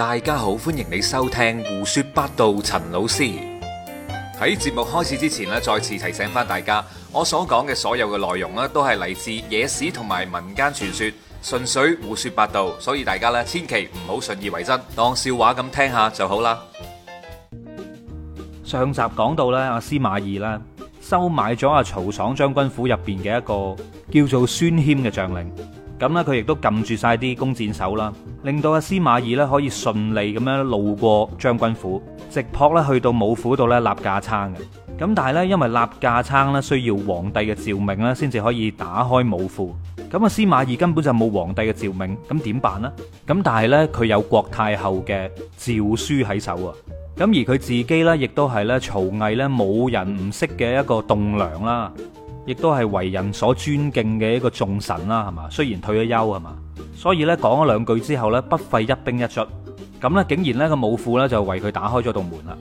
大家好，歡迎你收聽胡說八道。陳老師喺節目開始之前咧，再次提醒翻大家，我所講嘅所有嘅內容咧，都係嚟自野史同埋民間傳說，純粹胡說八道，所以大家咧千祈唔好信以為真，當笑話咁聽下就好啦。上集講到咧，阿司馬懿咧收買咗阿曹爽將軍府入邊嘅一個叫做孫謙嘅將領。咁咧，佢亦都撳住晒啲弓箭手啦，令到阿司馬懿咧可以順利咁樣路過將軍府，直撲咧去到武庫度咧立架撐嘅。咁但係呢，因為立架撐咧需要皇帝嘅詔命咧，先至可以打開武庫。咁阿司馬懿根本就冇皇帝嘅詔命，咁點辦呢？咁但係呢，佢有郭太后嘅詔書喺手啊。咁而佢自己呢，亦都係咧曹魏咧冇人唔識嘅一個棟梁啦。亦都係為人所尊敬嘅一個重臣啦，係嘛？雖然退咗休係嘛，所以咧講咗兩句之後咧，不費一兵一卒，咁咧竟然咧個武庫咧就為佢打開咗道門啦，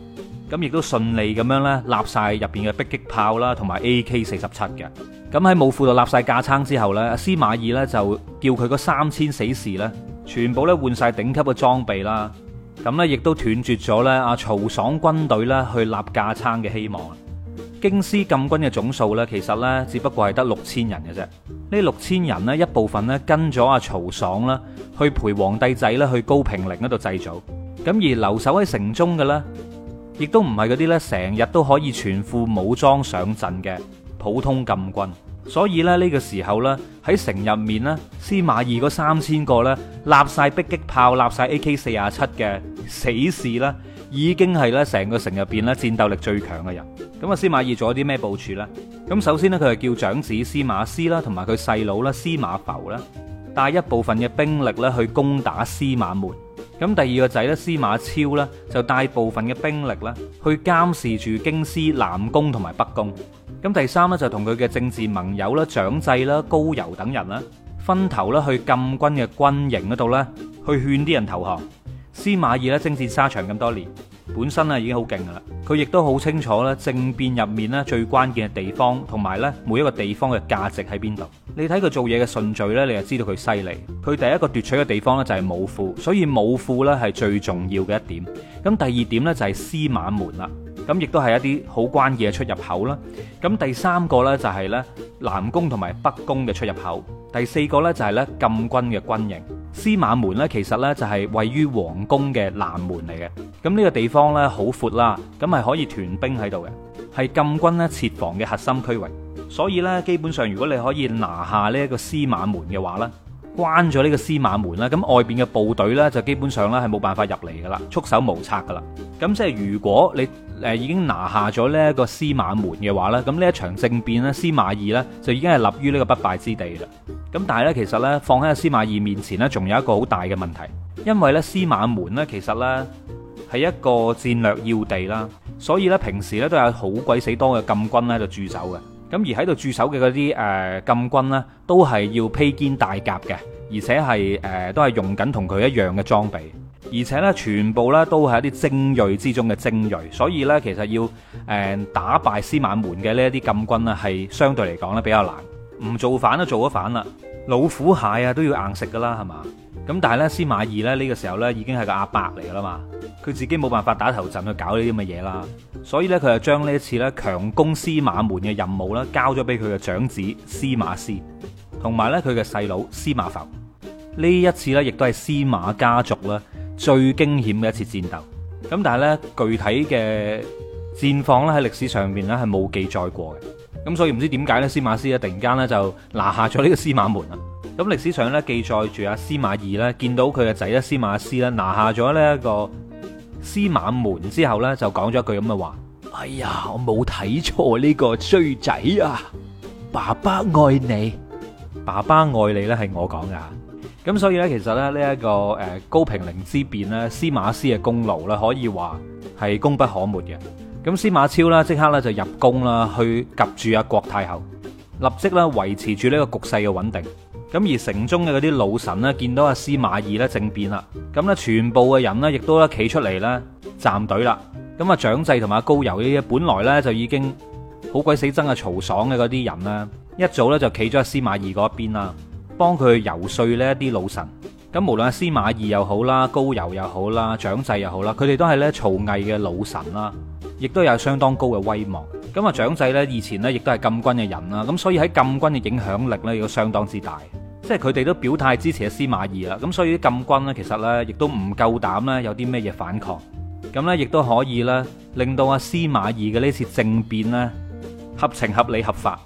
咁亦都順利咁樣咧立晒入邊嘅迫擊炮啦，同埋 AK 四十七嘅。咁喺武庫度立晒架撐之後咧，阿司馬懿咧就叫佢個三千死士咧，全部咧換晒頂級嘅裝備啦，咁咧亦都斷絕咗咧阿曹爽軍隊咧去立架撐嘅希望。京師禁軍嘅總數呢，其實呢，只不過係得六千人嘅啫。呢六千人呢，一部分呢，跟咗阿曹爽啦，去陪皇帝仔啦去高平陵嗰度祭祖。咁而留守喺城中嘅呢，亦都唔係嗰啲呢，成日都可以全副武裝上陣嘅普通禁軍。所以呢，呢個時候呢，喺城入面呢，司馬懿嗰三千個呢，立晒迫擊炮，立晒 AK 四廿七嘅死士呢。已經係咧成個城入邊咧戰鬥力最強嘅人，咁啊司馬懿做咗啲咩部署呢？咁首先咧佢係叫長子司馬師啦，同埋佢細佬啦司馬孚啦，帶一部分嘅兵力咧去攻打司馬門。咁第二個仔咧司馬昭咧就帶部分嘅兵力咧去監視住京師南宮同埋北宮。咁第三咧就同佢嘅政治盟友啦蔣濟啦高柔等人啦，分頭啦去禁軍嘅軍營嗰度咧去勸啲人投降。司馬懿咧征戰沙場咁多年，本身啊已經好勁噶啦，佢亦都好清楚咧政變入面咧最關鍵嘅地方，同埋咧每一個地方嘅價值喺邊度。你睇佢做嘢嘅順序咧，你就知道佢犀利。佢第一個奪取嘅地方咧就係武庫，所以武庫咧係最重要嘅一點。咁第二點咧就係司馬門啦。咁亦都係一啲好關鍵嘅出入口啦。咁第三個呢，就係呢南宮同埋北宮嘅出入口。第四個呢，就係呢禁軍嘅軍營。司馬門呢，其實呢，就係位於皇宮嘅南門嚟嘅。咁、這、呢個地方呢，好闊啦，咁係可以屯兵喺度嘅，係禁軍呢設防嘅核心區域。所以呢，基本上如果你可以拿下呢一個司馬門嘅話呢。關咗呢個司馬門啦，咁外邊嘅部隊呢，就基本上咧係冇辦法入嚟噶啦，束手無策噶啦。咁即係如果你誒已經拿下咗呢一個司馬門嘅話呢，咁呢一場政變呢，司馬懿呢，就已經係立於呢個不敗之地啦。咁但係呢，其實呢，放喺司馬懿面前呢，仲有一個好大嘅問題，因為呢，司馬門呢，其實呢，係一個戰略要地啦，所以呢，平時呢，都有好鬼死多嘅禁軍咧就喺度駐守嘅。咁而喺度駐守嘅嗰啲誒禁軍咧，都係要披肩戴甲嘅，而且係誒、呃、都係用緊同佢一樣嘅裝備，而且咧全部咧都係一啲精鋭之中嘅精鋭，所以呢，其實要誒、呃、打敗司馬門嘅呢啲禁軍咧，係相對嚟講咧比較難，唔造反都做咗反啦，老虎蟹啊都要硬食噶啦，係嘛？咁但係咧，司馬懿咧呢個時候咧已經係個阿伯嚟㗎啦嘛，佢自己冇辦法打頭陣去搞呢啲咁嘅嘢啦，所以咧佢就將呢一次咧強攻司馬門嘅任務咧交咗俾佢嘅長子司馬師，同埋咧佢嘅細佬司馬孚。呢一次咧亦都係司馬家族咧最驚險嘅一次戰鬥。咁但係咧，具體嘅戰況咧喺歷史上邊咧係冇記載過嘅。咁所以唔知點解咧，司馬師啊突然間咧就拿下咗呢個司馬門啊！咁歷史上咧記載住阿司馬懿咧見到佢嘅仔咧司馬師咧拿下咗呢一個司馬門之後咧就講咗一句咁嘅話：哎呀，我冇睇錯呢個衰仔啊！爸爸愛你，爸爸愛你咧係我講噶。咁所以咧其實咧呢一，這個誒高平陵之變咧司馬師嘅功勞咧可以話係功不可沒嘅。咁司馬超啦即刻咧就入宮啦，去夾住阿郭太后，立即咧維持住呢個局勢嘅穩定。咁而城中嘅嗰啲老臣呢，見到阿司馬懿咧政變啦，咁咧全部嘅人呢，亦都咧企出嚟咧站隊啦。咁啊，蔣濟同埋阿高柔呢啲，本來咧就已經好鬼死憎阿曹爽嘅嗰啲人咧，一早咧就企咗阿司馬懿嗰一邊啦，幫佢遊説咧一啲老臣。咁無論阿司馬懿又好啦，高柔又好啦，蔣濟又好啦，佢哋都係咧曹魏嘅老臣啦，亦都有相當高嘅威望。咁啊，蔣濟咧以前咧亦都係禁軍嘅人啦，咁所以喺禁軍嘅影響力咧亦都相當之大。即係佢哋都表態支持阿司馬懿啦，咁所以啲禁軍呢，其實呢亦都唔夠膽咧，有啲咩嘢反抗，咁呢亦都可以呢，令到阿司馬懿嘅呢次政變呢合情合理合法，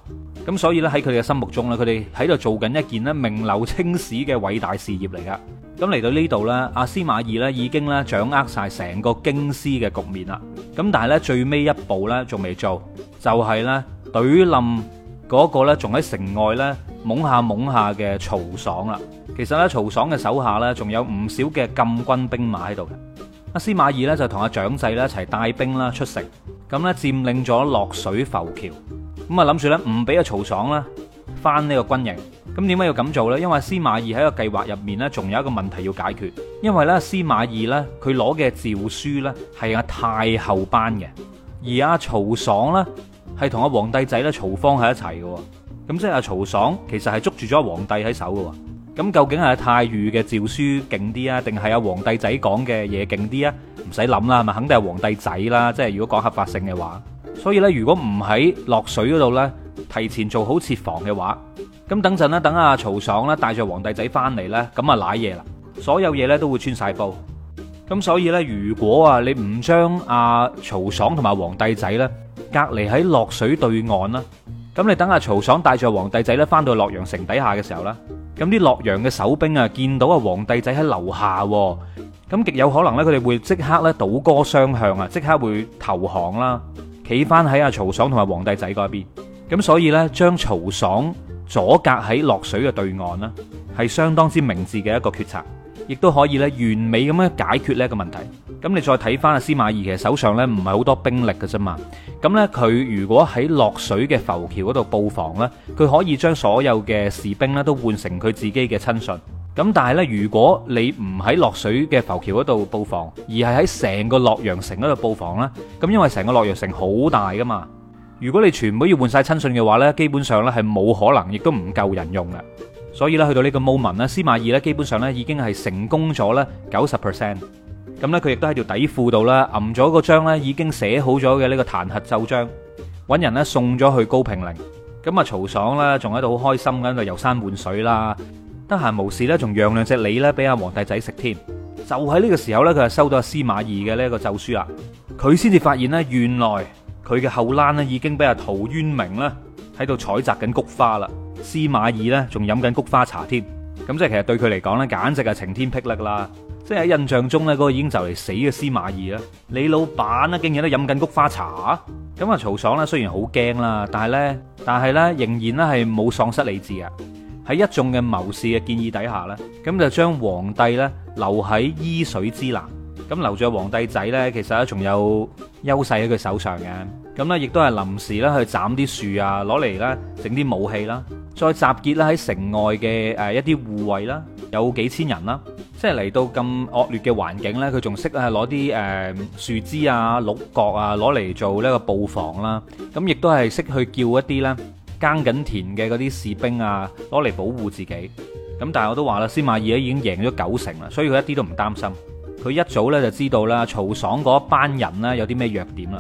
咁所以呢，喺佢哋嘅心目中呢，佢哋喺度做緊一件呢名留青史嘅偉大事業嚟噶，咁嚟到呢度呢，阿司馬懿呢已經呢掌握晒成個京師嘅局面啦，咁但係呢，最尾一步呢仲未做，就係咧懟冧嗰個呢，仲喺城外呢。懵下懵下嘅曹爽啦，其實咧曹爽嘅手下咧仲有唔少嘅禁軍兵馬喺度嘅。阿司馬懿咧就同阿蔣濟咧一齊帶兵啦出城，咁咧佔領咗洛水浮橋，咁啊諗住咧唔俾阿曹爽啦翻呢個軍營。咁點解要咁做咧？因為司馬懿喺個計劃入面咧仲有一個問題要解決，因為咧司馬懿咧佢攞嘅詔書咧係阿太后頒嘅，而阿曹爽咧係同阿皇帝仔咧曹芳喺一齊嘅。咁即係阿曹爽，其實係捉住咗皇帝喺手嘅、啊。咁究竟係太尉嘅詔書勁啲啊，定係阿皇帝仔講嘅嘢勁啲啊？唔使諗啦，係咪肯定係皇帝仔啦、啊？即係如果講合法性嘅話，所以，話所，所以呢，如果唔喺落水嗰度呢，提前做好設防嘅話，咁等陣呢，等阿曹爽呢帶着皇帝仔翻嚟呢，咁啊，賴嘢啦，所有嘢呢都會穿晒煲。咁所以呢，如果啊，你唔將阿曹爽同埋皇帝仔呢隔離喺落水對岸啦。咁你等阿曹爽帶住皇帝仔咧翻到洛陽城底下嘅時候啦，咁啲洛陽嘅守兵啊，見到阿皇帝仔喺樓下，咁極有可能咧佢哋會即刻咧倒戈雙向啊，即刻會投降啦，企翻喺阿曹爽同埋皇帝仔嗰邊。咁所以咧，將曹爽阻隔喺洛水嘅對岸啦，係相當之明智嘅一個決策。亦都可以咧完美咁樣解決呢一個問題。咁你再睇翻阿司馬懿其實手上咧唔係好多兵力㗎啫嘛。咁呢，佢如果喺洛水嘅浮橋嗰度布防呢，佢可以將所有嘅士兵咧都換成佢自己嘅親信。咁但係呢，如果你唔喺洛水嘅浮橋嗰度布防，而係喺成個洛陽城嗰度布防呢，咁因為成個洛陽城好大噶嘛，如果你全部要換晒親信嘅話呢，基本上咧係冇可能，亦都唔夠人用啦。所以咧，去到呢個 moment 咧，司馬懿咧基本上咧已經係成功咗咧九十 percent。咁咧，佢亦都喺條底褲度咧揼咗個章咧，已經寫好咗嘅呢個彈劾奏章，揾人咧送咗去高平陵。咁、嗯、啊，曹爽咧仲喺度好開心咁喺度遊山玩水啦、啊，得閒無事咧仲讓兩隻梨咧俾阿皇帝仔食添。就喺呢個時候咧，佢就收到司、啊、馬懿嘅呢個奏書啦，佢先至發現咧，原來佢嘅後欄咧已經俾阿、啊、陶淵明咧喺度採摘緊菊花啦。司馬懿咧仲飲緊菊花茶添，咁即係其實對佢嚟講咧，簡直係晴天霹靂啦！即係喺印象中咧，嗰個已經就嚟死嘅司馬懿啊，你老闆咧竟然都飲緊菊花茶，咁啊曹爽咧雖然好驚啦，但係咧但係咧仍然咧係冇喪失理智啊！喺一眾嘅謀士嘅建議底下咧，咁就將皇帝咧留喺伊水之南，咁留住個皇帝仔咧，其實咧仲有優勢喺佢手上嘅，咁咧亦都係臨時咧去斬啲樹啊，攞嚟咧整啲武器啦。再集結啦喺城外嘅誒一啲護衛啦，有幾千人啦，即係嚟到咁惡劣嘅環境咧，佢仲識啊攞啲誒樹枝啊、鹿角啊攞嚟做呢個布防啦，咁亦都係識去叫一啲咧耕緊田嘅嗰啲士兵啊攞嚟保護自己。咁但係我都話啦，司馬懿已經贏咗九成啦，所以佢一啲都唔擔心。佢一早咧就知道啦，曹爽嗰一班人咧有啲咩弱點啦。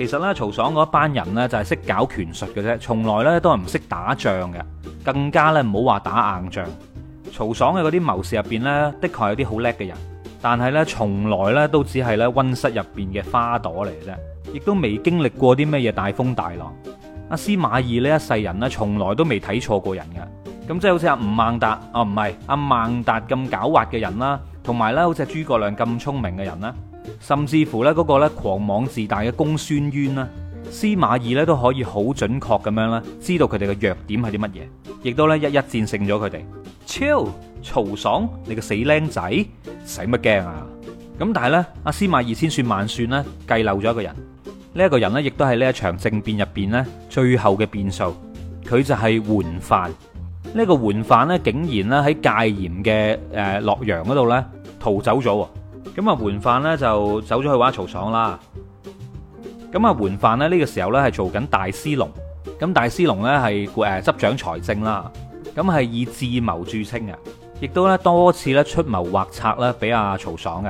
其實咧，曹爽嗰一班人咧就係識搞權術嘅啫，從來咧都係唔識打仗嘅，更加咧唔好話打硬仗。曹爽嘅嗰啲謀士入邊咧，的確係有啲好叻嘅人，但係咧從來咧都只係咧溫室入邊嘅花朵嚟嘅啫，亦都未經歷過啲咩嘢大風大浪。阿司馬懿呢一世人咧，從來都未睇錯過人嘅。咁即係好似阿吳孟達，啊唔係，阿孟達咁狡猾嘅人啦，同埋咧好似諸葛亮咁聰明嘅人啦。甚至乎咧，嗰個咧狂妄自大嘅公孫淵啦，司馬懿咧都可以好準確咁樣啦，知道佢哋嘅弱點係啲乜嘢，亦都咧一一戰勝咗佢哋。超曹爽，你個死僆仔，使乜驚啊？咁但係咧，阿司馬懿千算萬算咧，計漏咗一個人。呢一個人咧，亦都係呢一場政變入邊咧，最後嘅變數。佢就係桓範。呢個桓範咧，竟然咧喺戒嚴嘅誒洛陽嗰度咧，逃走咗。咁啊，桓範咧就走咗去玩曹爽啦。咁啊，桓範咧呢個時候咧係做緊大司農，咁大司農咧係誒執掌財政啦。咁係以智謀著稱嘅，亦都咧多次咧出謀劃策咧俾阿曹爽嘅。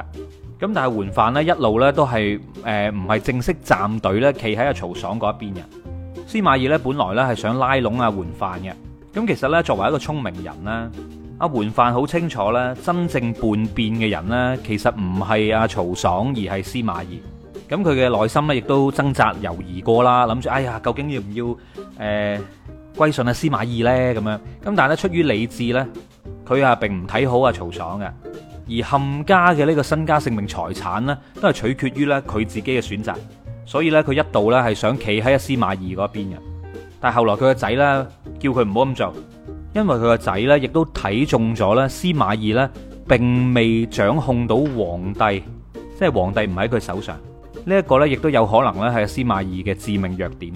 咁但係桓範呢，一路咧都係誒唔係正式站隊咧，企喺阿曹爽嗰一邊嘅。司馬懿咧本來咧係想拉攏阿桓範嘅。咁其實咧作為一個聰明人咧。阿桓範好清楚咧，真正叛變嘅人咧，其實唔係阿曹爽，而係司馬懿。咁佢嘅內心咧，亦都掙扎猶豫過啦，諗住哎呀，究竟要唔要誒歸順阿司馬懿呢？咁樣咁，但係咧出於理智咧，佢啊並唔睇好阿曹爽嘅，而冚家嘅呢個身家性命財產咧，都係取決於咧佢自己嘅選擇。所以咧，佢一度咧係想企喺阿司馬懿嗰邊嘅，但係後來佢個仔咧叫佢唔好咁做。因為佢個仔呢亦都睇中咗呢，司馬懿呢並未掌控到皇帝，即係皇帝唔喺佢手上呢，一個呢亦都有可能咧，係司馬懿嘅致命弱點。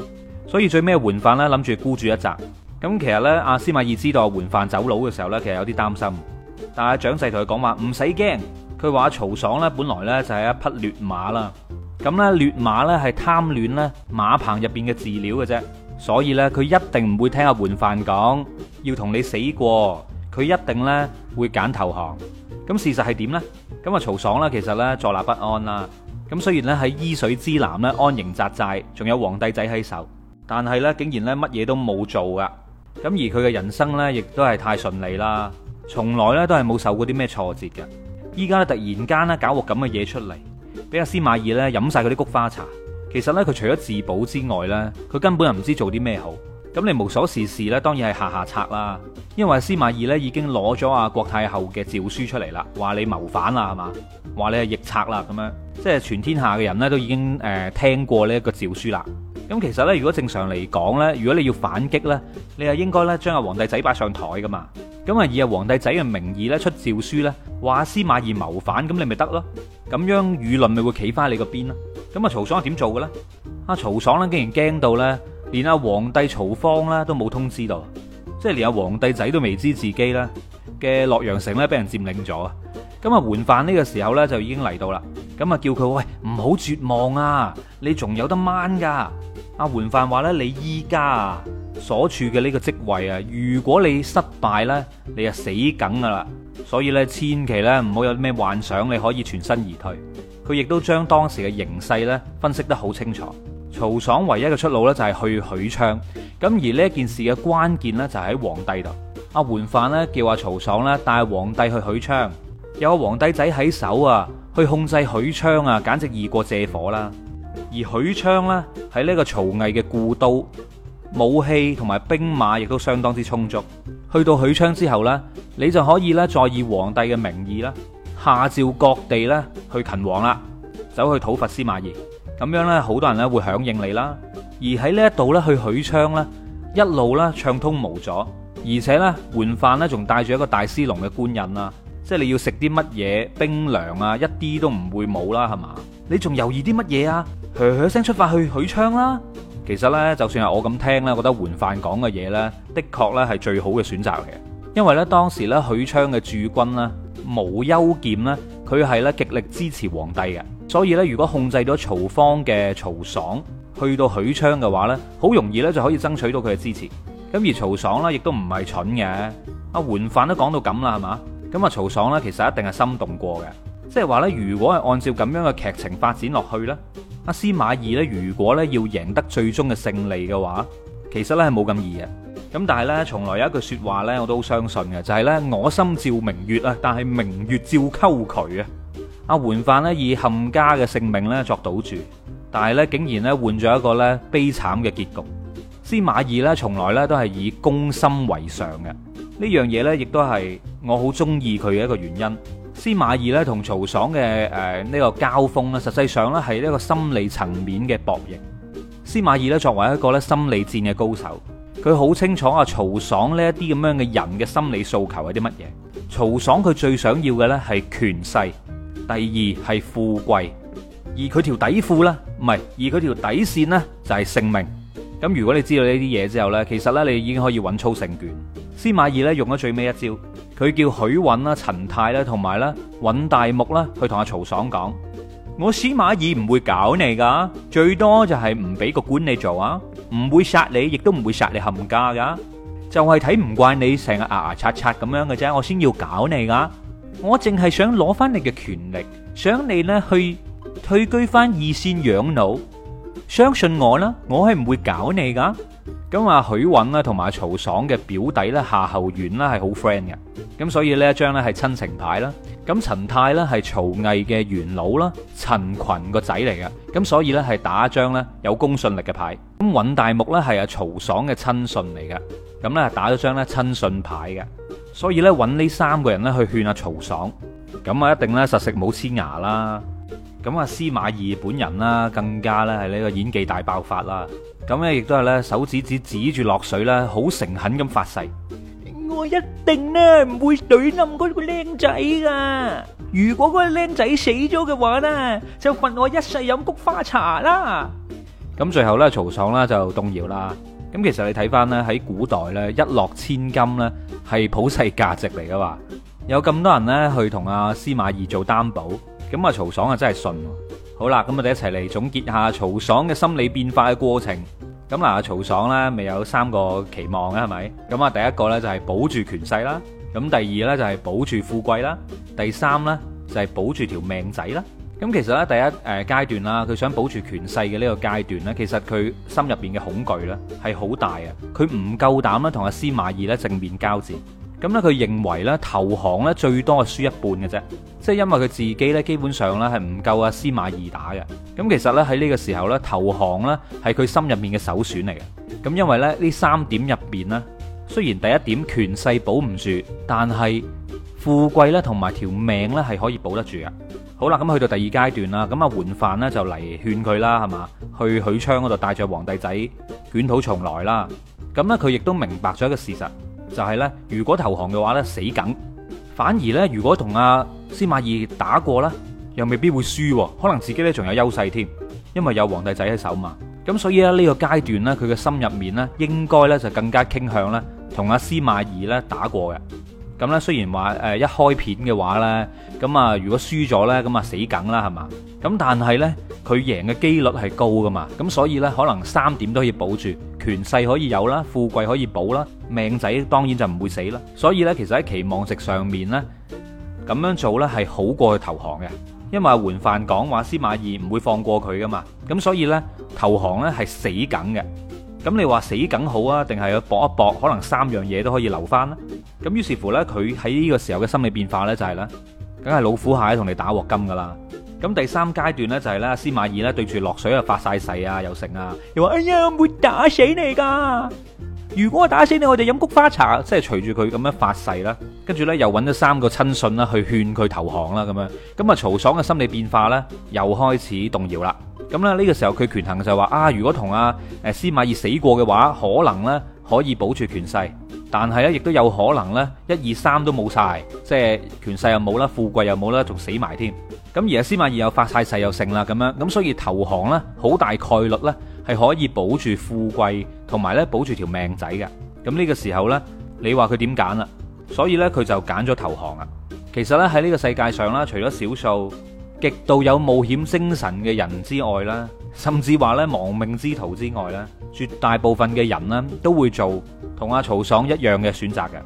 所以最尾桓範呢，諗住孤注一擲咁。其實呢，阿司馬懿知道阿桓範走佬嘅時候呢，其實有啲擔心。但係蔣濟同佢講，話唔使驚，佢話曹爽呢本來呢就係一匹劣馬啦。咁呢，劣馬呢係貪戀呢馬棚入邊嘅飼料嘅啫，所以呢，佢一定唔會聽阿桓範講。要同你死過，佢一定咧會揀投降。咁事實係點呢？咁啊曹爽啦，其實咧坐立不安啦。咁雖然咧喺伊水之南咧安營紮寨，仲有皇帝仔喺手，但係咧竟然咧乜嘢都冇做噶。咁而佢嘅人生咧亦都係太順利啦，從來咧都係冇受過啲咩挫折嘅。依家突然間咧搞個咁嘅嘢出嚟，俾阿司馬懿咧飲晒嗰啲菊花茶。其實咧佢除咗自保之外咧，佢根本又唔知做啲咩好。咁你無所事事咧，當然係下下策啦。因為司馬懿咧已經攞咗阿郭太后嘅詔書出嚟啦，話你謀反啦，係嘛？話你係逆賊啦，咁樣即係全天下嘅人咧都已經誒、呃、聽過呢一個詔書啦。咁、嗯、其實咧，如果正常嚟講咧，如果你要反擊咧，你係應該咧將阿皇帝仔擺上台噶嘛。咁啊以阿皇帝仔嘅名義咧出詔書咧，話司馬懿謀反，咁你咪得咯？咁樣輿論咪會企翻你個邊啦？咁、嗯、啊曹爽點做嘅咧？阿、啊、曹爽咧竟然驚到咧。連阿皇帝曹芳咧都冇通知到，即係連阿皇帝仔都未知自己咧嘅洛陽城咧俾人佔領咗啊！咁啊，桓範呢個時候咧就已經嚟到啦，咁啊叫佢喂，唔好絕望啊！你仲有得掹噶！啊？阿桓範話咧，你依家所處嘅呢個職位啊，如果你失敗咧，你啊死梗噶啦！所以咧，千祈咧唔好有咩幻想，你可以全身而退。佢亦都將當時嘅形勢咧分析得好清楚。曹爽唯一嘅出路咧就係去許昌，咁而呢件事嘅關鍵咧就喺皇帝度。阿桓範呢，叫阿曹爽呢帶皇帝去許昌，有皇帝仔喺手啊，去控制許昌啊，簡直易過借火啦。而許昌呢，喺呢個曹魏嘅故都，武器同埋兵馬亦都相當之充足。去到許昌之後呢，你就可以咧再以皇帝嘅名義咧下詔各地咧去勤王啦，走去討伐司馬懿。咁樣呢，好多人咧會響應你啦。而喺呢一度呢，去許昌呢，一路呢，暢通無阻，而且呢，桓範呢，仲帶住一個大司農嘅官印啊，即係你要食啲乜嘢冰涼啊，一啲都唔會冇啦，係嘛？你仲猶豫啲乜嘢啊？噠噠聲出發去許昌啦！其實呢，就算係我咁聽呢，覺得桓範講嘅嘢呢，的確呢係最好嘅選擇嚟嘅，因為呢，當時呢，許昌嘅駐軍咧毋丘儉咧，佢係呢極力支持皇帝嘅。所以咧，如果控制咗曹芳嘅曹爽去到許昌嘅話呢，好容易呢就可以爭取到佢嘅支持。咁而曹爽啦，亦都唔係蠢嘅。阿桓範都講到咁啦，係嘛？咁啊，曹爽呢，其實一定係心動過嘅。即係話呢，如果係按照咁樣嘅劇情發展落去呢，阿、啊、司馬懿呢，如果呢要贏得最終嘅勝利嘅話，其實呢，係冇咁易嘅。咁但係呢，從來有一句說話呢，我都好相信嘅，就係、是、呢我心照明月啊，但係明月照溝渠啊。阿桓范咧，以冚家嘅性命咧，作賭注，但係咧，竟然咧換咗一個咧悲慘嘅結局。司馬懿咧，從來咧都係以攻心為上嘅，呢樣嘢咧，亦都係我好中意佢嘅一個原因。司馬懿咧，同曹爽嘅誒呢個交鋒咧，實際上咧係一個心理層面嘅博弈。司馬懿咧，作為一個咧心理戰嘅高手，佢好清楚阿曹爽呢一啲咁樣嘅人嘅心理訴求係啲乜嘢。曹爽佢最想要嘅咧係權勢。第二係富貴，而佢條底褲咧，唔係，而佢條底線咧，就係性命。咁如果你知道呢啲嘢之後咧，其實咧你已經可以穩操勝券。司馬懿咧用咗最尾一招，佢叫許允啦、陳泰啦同埋啦尹大目啦去同阿曹爽講：我司馬懿唔會搞你噶，最多就係唔俾個官你做啊，唔會殺你，亦都唔會殺你冚家噶，就係睇唔慣你成日牙牙擦擦咁樣嘅啫，我先要搞你噶。我淨係想攞翻你嘅權力，想你咧去退居翻二線養老。相信我啦，我係唔會搞你噶。咁阿許允啦，同埋曹爽嘅表弟咧夏侯玄啦係好 friend 嘅。咁所，所以呢一張咧係親情牌啦。咁陳泰咧係曹魏嘅元老啦，陳群個仔嚟嘅。咁所以咧係打一張咧有公信力嘅牌。咁尹大目咧係阿曹爽嘅親信嚟嘅。咁咧打咗張咧親信牌嘅。所以咧，揾呢三個人咧去勸阿曹爽，咁啊一定咧實食冇黐牙啦。咁阿司馬懿本人啦，更加咧係呢個演技大爆發啦。咁咧亦都係咧手指指指住洛水咧，好誠懇咁發誓：我一定咧唔會懟冧嗰個僆仔噶。如果嗰個僆仔死咗嘅話咧，就罰我一世飲菊花茶啦。咁最後咧，曹爽咧就動搖啦。咁其實你睇翻咧喺古代咧一諾千金咧係普世價值嚟噶嘛？有咁多人咧去同阿司馬懿做擔保，咁啊曹爽啊真係信。好啦，咁我哋一齊嚟總結下曹爽嘅心理變化嘅過程。咁嗱，曹爽咧咪有三個期望啊？係咪？咁啊，第一個咧就係保住權勢啦，咁第二咧就係保住富貴啦，第三咧就係保住條命仔啦。咁其實咧，第一誒階段啦，佢想保住權勢嘅呢個階段呢，其實佢心入邊嘅恐懼呢係好大嘅，佢唔夠膽咧同阿司馬懿咧正面交戰。咁呢，佢認為咧投降咧最多係輸一半嘅啫，即係因為佢自己咧基本上咧係唔夠阿司馬懿打嘅。咁其實呢，喺呢個時候咧投降咧係佢心入面嘅首選嚟嘅。咁因為咧呢三點入邊呢，雖然第一點權勢保唔住，但係富貴咧同埋條命咧係可以保得住嘅。好啦，咁去到第二階段啦，咁啊，桓範咧就嚟勸佢啦，係嘛？去許昌嗰度帶住皇帝仔捲土重來啦。咁呢，佢亦都明白咗一個事實，就係呢：如果投降嘅話呢，死梗，反而呢，如果同阿司馬懿打過呢，又未必會輸，可能自己呢，仲有優勢添，因為有皇帝仔喺手嘛。咁所以咧呢個階段呢，佢嘅心入面呢，應該呢，就更加傾向呢，同阿司馬懿咧打過嘅。咁咧，雖然話誒一開片嘅話咧，咁啊如果輸咗咧，咁啊死梗啦，係嘛？咁但係咧，佢贏嘅機率係高噶嘛？咁所以咧，可能三點都可以保住，權勢可以有啦，富貴可以保啦，命仔當然就唔會死啦。所以咧，其實喺期望值上面咧，咁樣做咧係好過去投降嘅，因為桓範講話，司馬懿唔會放過佢噶嘛。咁所以咧，投降咧係死梗嘅。咁你話死梗好啊？定係去搏一搏，可能三樣嘢都可以留翻咧？咁於是乎呢，佢喺呢個時候嘅心理變化呢，就係呢梗係老虎蟹同你打鑊金噶啦。咁第三階段呢，就係呢，司馬懿呢對住洛水啊發晒誓啊又成啊，又話哎呀我唔會打死你噶。如果我打死你，我就飲菊花茶。即係隨住佢咁樣發誓啦，跟住呢，又揾咗三個親信啦去勸佢投降啦咁樣。咁啊曹爽嘅心理變化呢，又開始動搖啦。咁呢，呢個時候佢權衡就係話啊，如果同阿誒司馬懿死過嘅話，可能呢可以保住權勢。但係咧，亦都有可能咧，一二三都冇晒，即係權勢又冇啦，富貴又冇啦，仲死埋添。咁而家司馬懿又發晒誓又勝啦，咁樣咁所以投降咧，好大概率咧係可以保住富貴同埋咧保住條命仔嘅。咁呢個時候咧，你話佢點揀啦？所以咧佢就揀咗投降啦。其實咧喺呢個世界上啦，除咗少數極度有冒險精神嘅人之外咧。甚至話咧亡命之徒之外咧，絕大部分嘅人呢都會做同阿曹爽一樣嘅選擇嘅，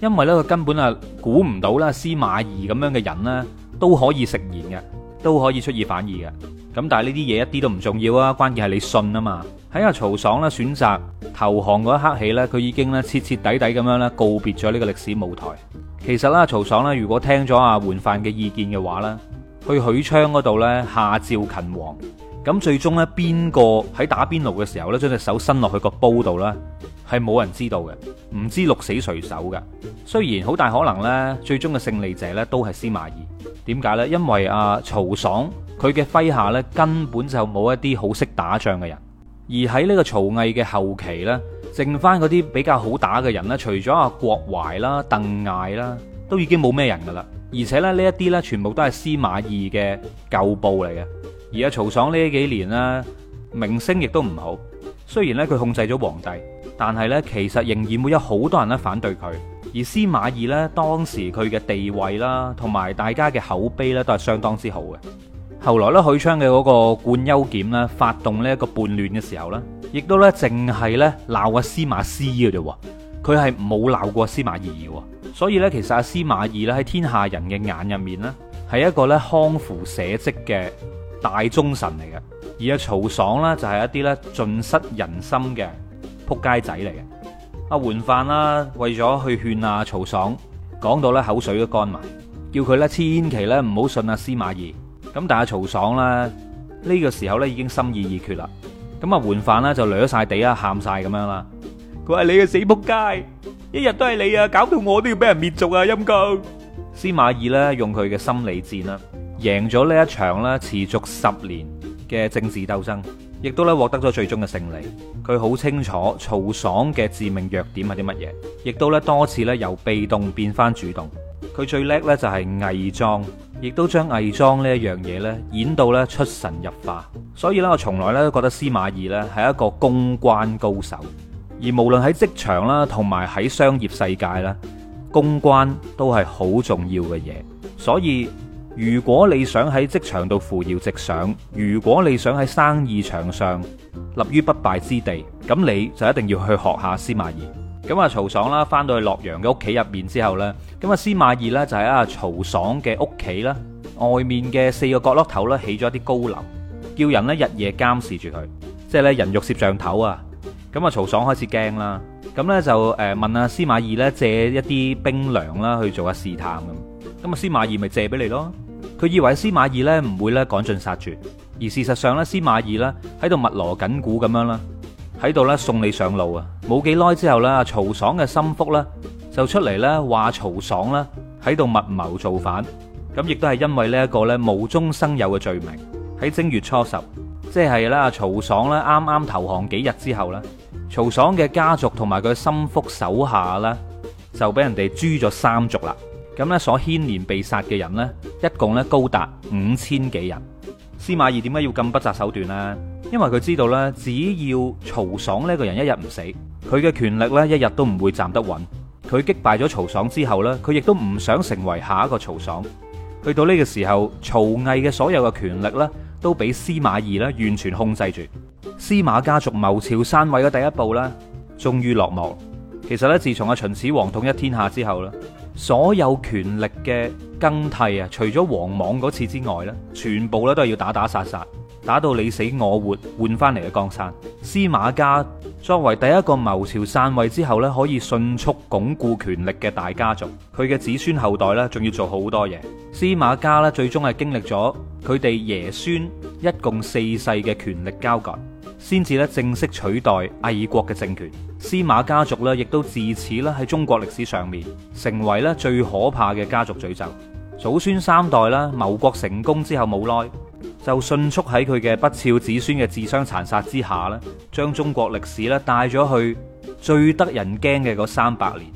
因為呢，佢根本啊估唔到啦，司馬懿咁樣嘅人呢都可以食言嘅，都可以出爾反爾嘅。咁但係呢啲嘢一啲都唔重要啊，關鍵係你信啊嘛。喺阿曹爽呢選擇投降嗰一刻起呢，佢已經咧徹徹底底咁樣咧告別咗呢個歷史舞台。其實啦，曹爽呢如果聽咗阿桓範嘅意見嘅話呢，去許昌嗰度呢下詔勤王。咁最終呢邊個喺打邊爐嘅時候呢，將隻手伸落去個煲度呢，係冇人知道嘅，唔知鹿死誰手嘅。雖然好大可能呢，最終嘅勝利者呢，都係司馬懿。點解呢？因為阿曹爽佢嘅麾下呢，根本就冇一啲好識打仗嘅人。而喺呢個曹魏嘅後期呢，剩翻嗰啲比較好打嘅人呢，除咗阿郭淮啦、鄧艾啦，都已經冇咩人噶啦。而且咧，呢一啲呢，全部都係司馬懿嘅舊部嚟嘅。而阿曹爽呢幾年咧，名聲亦都唔好。雖然咧佢控制咗皇帝，但係咧其實仍然會有好多人咧反對佢。而司馬懿咧，當時佢嘅地位啦，同埋大家嘅口碑咧，都係相當之好嘅。後來咧，許昌嘅嗰個毌丘儉咧發動呢一個叛亂嘅時候咧，亦都咧淨係咧鬧阿司馬師嘅啫，佢係冇鬧過司馬懿嘅、啊。所以咧，其實阿、啊、司馬懿咧喺天下人嘅眼入面咧，係一個咧匡扶社稷嘅大忠臣嚟嘅，而阿曹爽呢，就係、是、一啲呢盡失人心嘅撲街仔嚟嘅。阿、啊、桓範啦，為咗去勸阿曹爽，講到咧口水都乾埋，叫佢呢千祈咧唔好信阿司馬懿。咁但係、啊、阿曹爽呢，呢、這個時候呢已經心意已決啦。咁啊桓範呢，就掠晒地啊喊晒咁樣啦。佢話你嘅死撲街，一日都係你啊，搞到我都要俾人滅族啊陰功。司馬懿呢，用佢嘅心理戰啦。贏咗呢一場啦，持續十年嘅政治鬥爭，亦都咧獲得咗最終嘅勝利。佢好清楚曹爽嘅致命弱點係啲乜嘢，亦都咧多次咧由被動變翻主動。佢最叻咧就係偽裝，亦都將偽裝呢一樣嘢咧演到咧出神入化。所以咧，我從來咧都覺得司馬懿咧係一個公關高手。而無論喺職場啦，同埋喺商業世界啦，公關都係好重要嘅嘢。所以。如果你想喺職場度扶搖直上，如果你想喺生意場上立於不敗之地，咁你就一定要去學下司馬懿。咁、嗯、啊曹爽啦，翻到去洛陽嘅屋企入面之後呢，咁啊司馬懿呢就喺阿曹爽嘅屋企啦，外面嘅四個角落頭咧起咗一啲高樓，叫人呢日夜監視住佢，即係咧人肉攝像頭啊。咁、嗯、啊曹爽開始驚啦，咁、嗯、呢就誒問啊司馬懿呢借一啲兵糧啦去做下試探咁，咁啊司馬懿咪借俾你咯。佢以為司馬懿咧唔會咧趕盡殺絕，而事實上咧，司馬懿咧喺度密鑼緊鼓咁樣啦，喺度咧送你上路啊！冇幾耐之後咧，曹爽嘅心腹咧就出嚟咧話曹爽咧喺度密謀造反，咁亦都係因為呢一個咧無中生有嘅罪名。喺正月初十，即係啦，曹爽咧啱啱投降幾日之後咧，曹爽嘅家族同埋佢心腹手下咧就俾人哋誅咗三族啦。咁呢所牽連被殺嘅人呢，一共呢高達五千幾人。司馬懿點解要咁不擇手段呢？因為佢知道呢，只要曹爽呢個人一日唔死，佢嘅權力呢一日都唔會站得穩。佢擊敗咗曹爽之後呢，佢亦都唔想成為下一個曹爽。去到呢個時候，曹魏嘅所有嘅權力呢，都俾司馬懿呢完全控制住。司馬家族謀朝篡位嘅第一步呢，終於落幕。其實呢，自從阿秦始皇統一天下之後呢，所有權力嘅更替啊，除咗王莽嗰次之外咧，全部咧都係要打打殺殺，打到你死我活，換翻嚟嘅江山。司馬家作為第一個謀朝篡位之後咧，可以迅速鞏固權力嘅大家族，佢嘅子孫後代咧，仲要做好多嘢。司馬家咧最終係經歷咗佢哋爺孫一共四世嘅權力交割。先至咧正式取代魏國嘅政權，司馬家族咧亦都自此咧喺中國歷史上面成為咧最可怕嘅家族詛咒。祖孫三代啦，謀國成功之後，冇耐就迅速喺佢嘅不肖子孫嘅自相殘殺之下咧，將中國歷史咧帶咗去最得人驚嘅嗰三百年，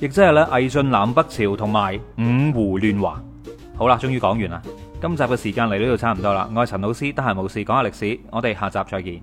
亦即係咧魏晉南北朝同埋五胡亂華。好啦，終於講完啦，今集嘅時間嚟呢度差唔多啦。我係陳老師，得閒無事講下歷史，我哋下集再見。